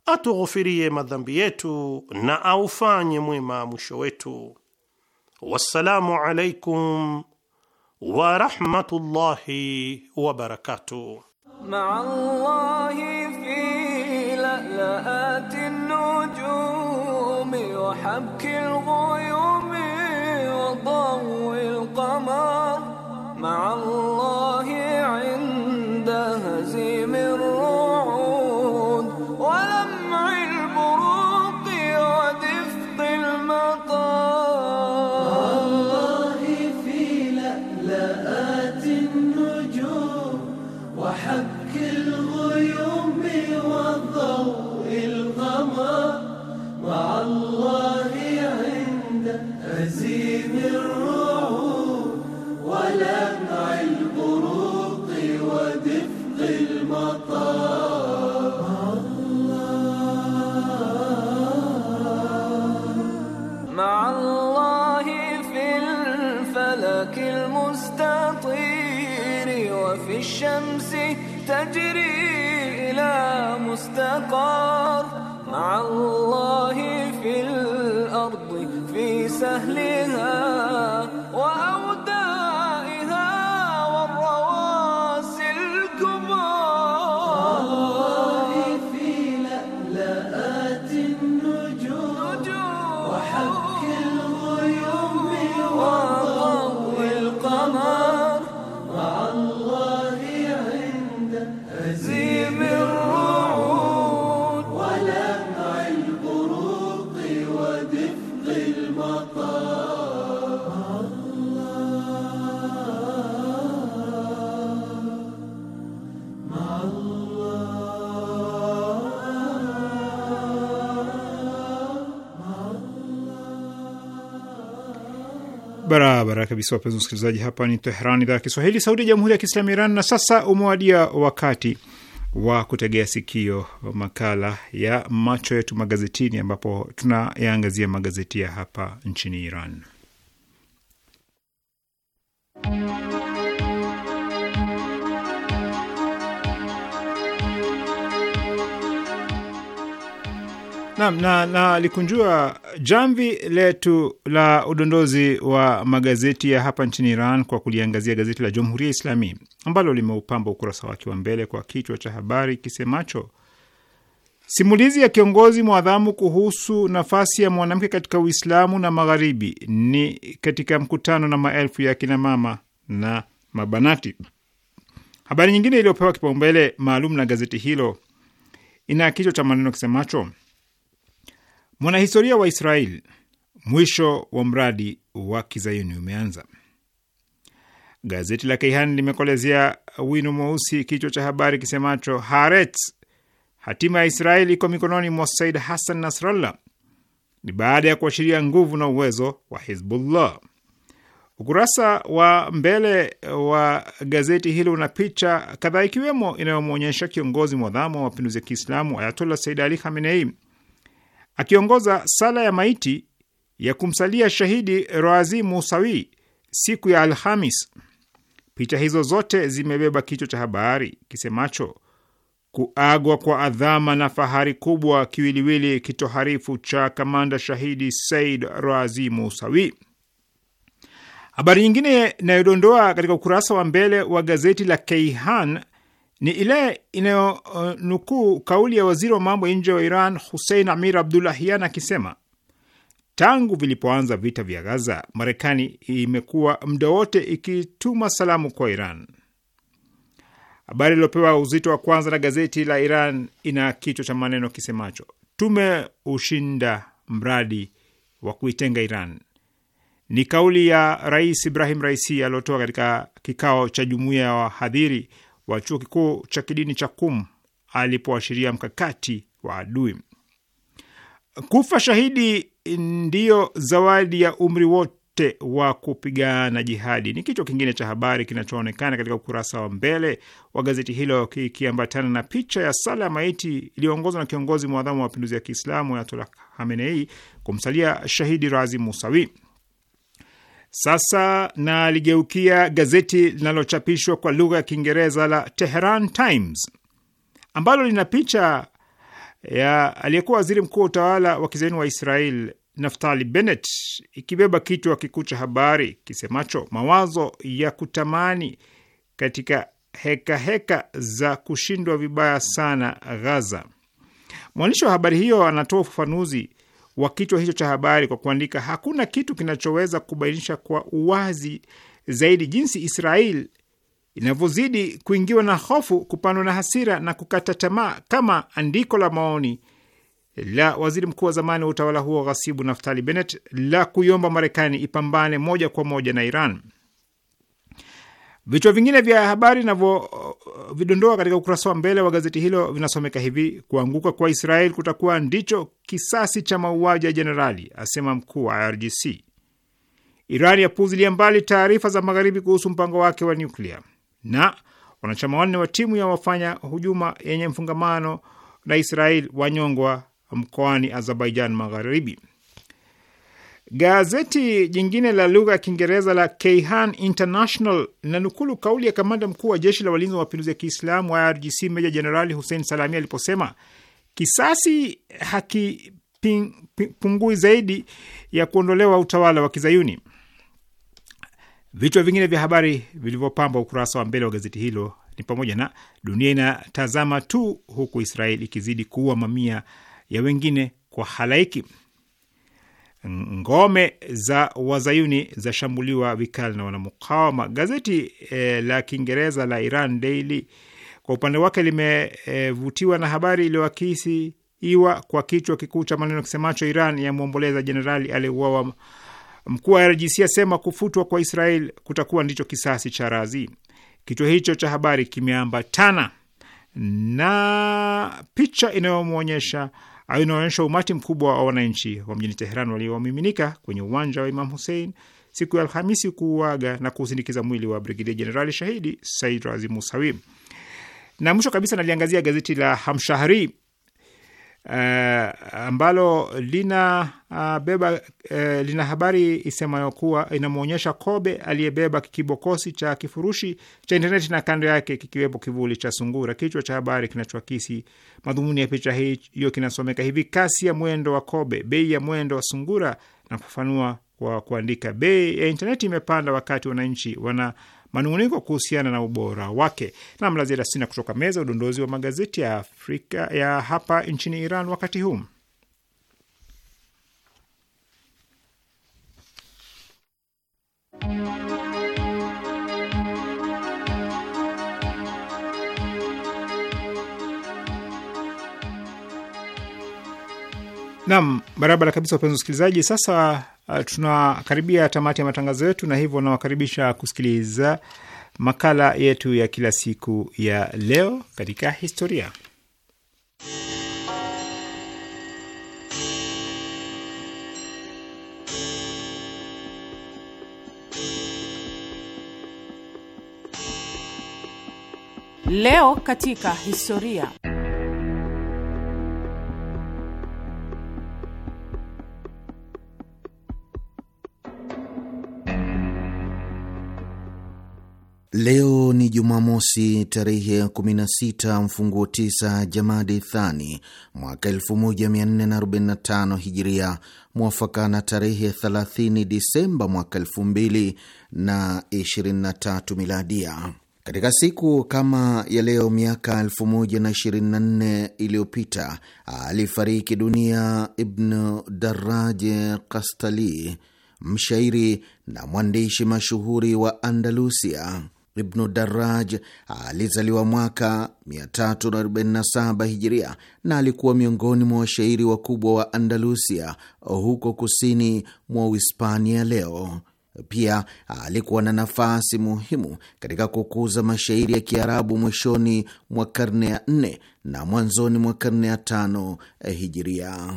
atughufirie madhambi yetu na aufanye mwema mwisho wetu. Wassalamu alaikum wa rahmatullahi wa barakatuh. مع الله تجري إلى مستقر مع الله في الأرض في سهلها Barabara kabisa, wapenzi wasikilizaji, hapa ni Tehran, idhaa ya Kiswahili, sauti ya jamhuri ya kiislamu Iran. Na sasa umewadia wakati wa kutegea sikio makala ya macho yetu magazetini, ambapo tunayaangazia magazeti ya hapa nchini Iran. Naam, na likunjua jamvi letu la udondozi wa magazeti ya hapa nchini Iran kwa kuliangazia gazeti la Jamhuri ya Islami ambalo limeupamba ukurasa wake wa mbele kwa kichwa cha habari kisemacho simulizi ya kiongozi mwadhamu kuhusu nafasi ya mwanamke katika Uislamu na Magharibi ni katika mkutano na maelfu ya kinamama na mabanati. Habari nyingine iliyopewa kipaumbele maalum na gazeti hilo ina kichwa cha maneno kisemacho Mwanahistoria wa israeli mwisho wa mradi wa kizayuni umeanza. Gazeti la Keihan limekolezea wino mweusi kichwa cha habari kisemacho Haaretz, hatima ya Israeli iko mikononi mwa Said Hassan Nasrallah. Ni baada ya kuashiria nguvu na uwezo wa Hizbullah. Ukurasa wa mbele wa gazeti hilo una picha kadhaa, ikiwemo inayomwonyesha kiongozi mwadhamu wa mapinduzi ya Kiislamu Ayatollah Said Ali Khamenei akiongoza sala ya maiti ya kumsalia shahidi roazi Musawi siku ya Alhamis. Picha hizo zote zimebeba kichwa cha habari kisemacho kuagwa kwa adhama na fahari kubwa, kiwiliwili kitoharifu cha kamanda shahidi Said roazi Musawi. Habari nyingine inayodondoa katika ukurasa wa mbele wa gazeti la Keihan ni ile inayonukuu uh, kauli ya waziri wa mambo ya nje wa Iran Hussein Amir Abdulahian akisema tangu vilipoanza vita vya Gaza, Marekani imekuwa muda wote ikituma salamu kwa Iran. Habari iliyopewa uzito wa kwanza na gazeti la Iran ina kichwa cha maneno kisemacho tumeushinda mradi wa kuitenga Iran. Ni kauli ya Rais Ibrahim Raisi aliotoa katika kikao cha jumuiya ya wahadhiri wa chuo kikuu cha kidini cha Kum alipoashiria mkakati wa adui. Kufa shahidi ndiyo zawadi ya umri wote wa kupigana jihadi, ni kichwa kingine cha habari kinachoonekana katika ukurasa wa mbele wa gazeti hilo kikiambatana na picha ya sala ya maiti iliyoongozwa na kiongozi mwadhamu wa mapinduzi ya Kiislamu Ayatollah Khamenei kumsalia shahidi Razi Musawi. Sasa naligeukia gazeti linalochapishwa kwa lugha ya Kiingereza la Teheran Times ambalo lina picha ya aliyekuwa waziri mkuu wa utawala wa kizayuni wa Israel Naftali Bennett ikibeba kichwa kikuu cha habari kisemacho mawazo ya kutamani katika heka heka za kushindwa vibaya sana Gaza. Mwandishi wa habari hiyo anatoa ufafanuzi wa kichwa hicho cha habari kwa kuandika, hakuna kitu kinachoweza kubainisha kwa uwazi zaidi jinsi Israel inavyozidi kuingiwa na hofu, kupandwa na hasira na kukata tamaa, kama andiko la maoni la waziri mkuu wa zamani wa utawala huo ghasibu Naftali Bennett la kuiomba Marekani ipambane moja kwa moja na Iran. Vichwa vingine vya habari vinavyovidondoa uh, katika ukurasa wa mbele wa gazeti hilo vinasomeka hivi: kuanguka kwa Israel kutakuwa ndicho kisasi cha mauaji ya jenerali, asema mkuu wa IRGC. Iran yapuzilia mbali taarifa za magharibi kuhusu mpango wake wa nyuklia, na wanachama wanne wa timu ya wafanya hujuma yenye mfungamano na Israel wanyongwa mkoani Azerbaijan Magharibi. Gazeti jingine la lugha ya Kiingereza la Kayhan International linanukulu kauli ya kamanda mkuu wa jeshi la walinzi wa mapinduzi ya Kiislamu IRGC meja jenerali Hussein Salami aliposema kisasi hakipungui zaidi ya kuondolewa utawala wa kizayuni. Vichwa vingine vya habari vilivyopamba ukurasa wa mbele wa gazeti hilo ni pamoja na dunia inatazama tu huku Israeli ikizidi kuua mamia ya wengine kwa halaiki ngome za wazayuni zashambuliwa vikali na wanamukawama. Gazeti eh, la Kiingereza la Iran Daily kwa upande wake limevutiwa eh, na habari iwa kwa kichwa kikuu cha maneno kisemacho Iran yamwomboleza jenerali aliyeuawa. Mkuu wa RGC asema kufutwa kwa Israel kutakuwa ndicho kisasi cha Razi. Kichwa hicho cha habari kimeambatana na picha inayomwonyesha Hayo inaonyesha umati mkubwa wa wananchi wa mjini Teheran waliomiminika kwenye uwanja wa Imam Hussein siku ya Alhamisi kuuaga na kuusindikiza mwili wa Brigedia Jenerali shahidi Said Razi Musawi. Na mwisho kabisa naliangazia gazeti la Hamshahri Eh, ambalo lina ah, beba uh, lina habari isemayo kuwa inamwonyesha kobe aliyebeba kibokosi cha kifurushi cha intaneti na kando yake kikiwepo kivuli cha sungura. Kichwa cha habari kinachoakisi madhumuni ya picha hiyo kinasomeka hivi: kasi ya mwendo wa kobe, bei ya mwendo wa sungura, na kufafanua kwa kuandika, bei ya intaneti imepanda wakati wananchi wana manunguniko kuhusiana na ubora wake. Na mla sina kutoka meza udondozi wa magazeti ya Afrika ya hapa nchini Iran wakati huu. Nam, barabara kabisa, wapenzi wasikilizaji. Sasa Uh, tunakaribia tamati ya matangazo yetu, na hivyo nawakaribisha kusikiliza makala yetu ya kila siku ya leo katika historia. Leo katika historia Leo ni Jumamosi tarehe 16 mfunguo 9 Jamadi Thani mwaka 1445 Hijiria, mwafaka na tarehe 30 Disemba mwaka 2023 Miladia. Katika siku kama ya leo miaka 1024 iliyopita alifariki dunia Ibnu Daraje Kastali, mshairi na mwandishi mashuhuri wa Andalusia. Ibnu Daraj alizaliwa mwaka 347 Hijiria na alikuwa miongoni mwa washairi wakubwa wa Andalusia huko kusini mwa Uhispania leo. Pia alikuwa na nafasi muhimu katika kukuza mashairi ya Kiarabu mwishoni mwa karne ya 4 na mwanzoni mwa karne ya 5 Hijiria.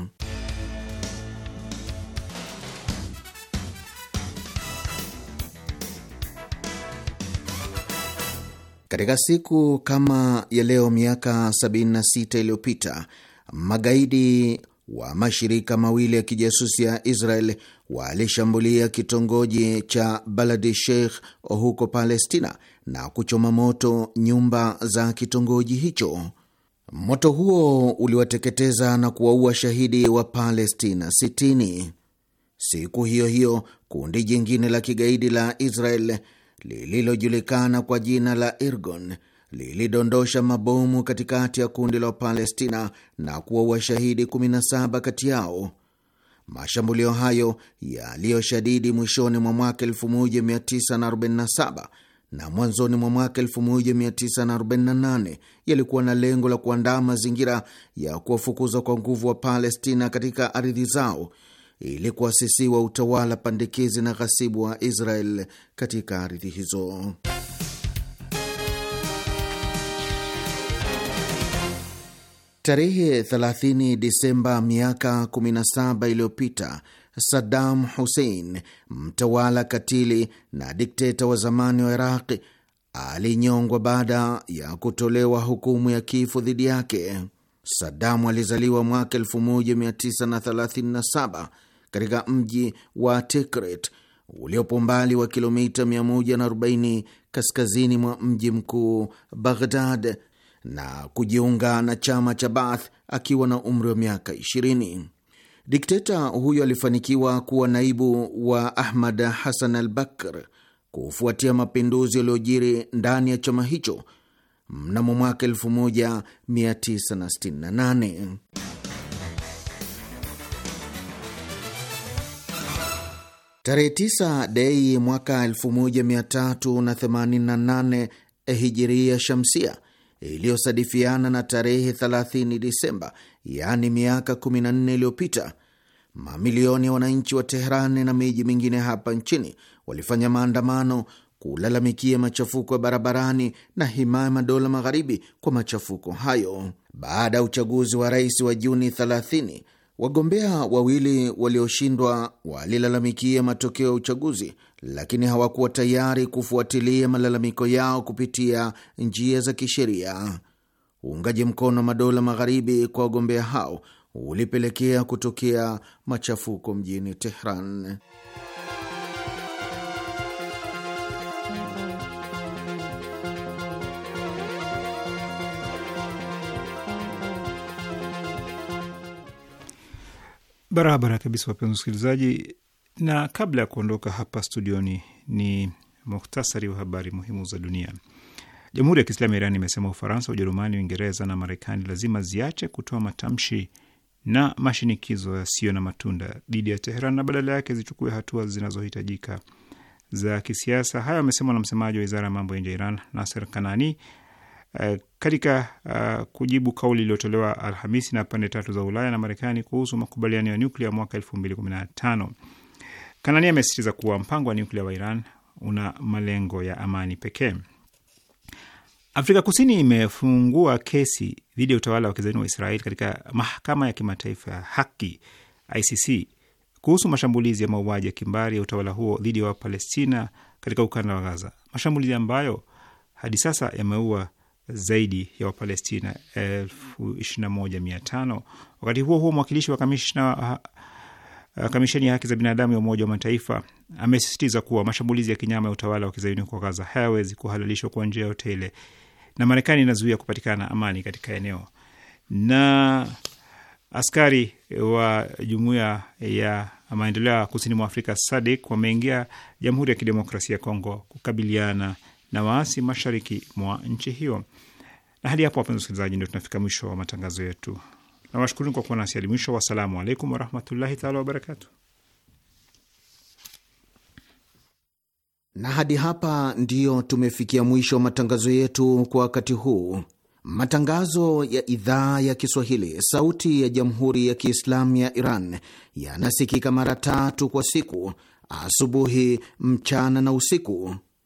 Katika siku kama ya leo miaka 76 iliyopita magaidi wa mashirika mawili ya kijasusi ya Israel walishambulia kitongoji cha Baladi Sheikh huko Palestina na kuchoma moto nyumba za kitongoji hicho. Moto huo uliwateketeza na kuwaua shahidi wa Palestina 60. Siku hiyo hiyo kundi jingine la kigaidi la Israel lililojulikana kwa jina la Irgon lilidondosha mabomu katikati ya kundi la Wapalestina na kuwa washahidi 17 kati yao. Mashambulio hayo yaliyoshadidi mwishoni mwa mwaka 1947 na mwanzoni mwa mwaka 1948 yalikuwa na lengo la kuandaa mazingira ya kuwafukuza kwa nguvu wa Palestina katika ardhi zao ili kuasisiwa utawala pandikizi na ghasibu wa Israel katika ardhi hizo. Tarehe 30 Disemba miaka 17 iliyopita Saddam Hussein, mtawala katili na dikteta wa zamani wa Iraqi, alinyongwa baada ya kutolewa hukumu ya kifo dhidi yake. Sadamu alizaliwa mwaka 1937 katika mji wa Tikrit uliopo mbali wa kilomita 140 kaskazini mwa mji mkuu Baghdad na kujiunga na chama cha Baath akiwa na umri wa miaka 20. Dikteta huyo alifanikiwa kuwa naibu wa Ahmad Hassan al-Bakr kufuatia mapinduzi yaliyojiri ndani ya chama hicho mnamo mwaka 1968. Tarehe 9 Dei mwaka 1388 eh, hijiria shamsia iliyosadifiana na tarehe 30 Disemba, yaani miaka 14 iliyopita, mamilioni ya wananchi wa Teherani na miji mingine hapa nchini walifanya maandamano kulalamikia machafuko ya barabarani na himaya madola magharibi kwa machafuko hayo. Baada ya uchaguzi wa rais wa Juni Wagombea wawili walioshindwa walilalamikia matokeo ya uchaguzi, lakini hawakuwa tayari kufuatilia malalamiko yao kupitia njia za kisheria. Uungaji mkono wa madola magharibi kwa wagombea hao ulipelekea kutokea machafuko mjini Tehran. Barabara kabisa, wapenzi wasikilizaji, na kabla ya kuondoka hapa studioni ni muhtasari wa habari muhimu za dunia. Jamhuri ya Kiislamu ya Iran imesema Ufaransa, Ujerumani, Uingereza na Marekani lazima ziache kutoa matamshi na mashinikizo yasiyo na matunda dhidi ya Teheran na badala yake zichukue hatua zinazohitajika za kisiasa. Hayo amesemwa na msemaji wa wizara ya mambo ya nje ya Iran, Naser Kanani, Eh, katika uh, kujibu kauli iliyotolewa Alhamisi na pande tatu za Ulaya na Marekani kuhusu makubaliano ya nyuklia mwaka tano. Kanani amesisitiza kuwa mpango wa nyuklia wa Iran una malengo ya amani pekee. Afrika Kusini imefungua kesi dhidi ya utawala wa kizaini wa Israeli katika mahakama ya kimataifa ya haki ICC kuhusu mashambulizi ya mauaji ya kimbari ya utawala huo dhidi ya Wapalestina katika ukanda wa Gaza, mashambulizi ambayo hadi sasa yameua zaidi ya Wapalestina 21500. Wakati huo huo, mwakilishi wa kamishna uh, kamisheni ya haki za binadamu ya Umoja wa Mataifa amesisitiza kuwa mashambulizi ya kinyama ya utawala wa kizayuni kwa Gaza hayawezi kuhalalishwa kwa njia yote ile, na Marekani inazuia kupatikana amani katika eneo. Na askari wa Jumuiya ya Maendeleo ya Kusini mwa Afrika SADC wameingia Jamhuri ya Kidemokrasia ya Kongo kukabiliana na waasi mashariki mwa nchi hiyo. Na hadi hapo, wapenzi wasikilizaji, ndio tunafika mwisho wa matangazo yetu. Nawashukuruni kwa kuwa nasi hadi mwisho. Wassalamu alaikum warahmatullahi taala wabarakatu. Na hadi hapa ndiyo tumefikia mwisho wa matangazo yetu kwa wakati huu. Matangazo ya idhaa ya Kiswahili sauti ya jamhuri ya Kiislamu ya Iran yanasikika mara tatu kwa siku: asubuhi, mchana na usiku.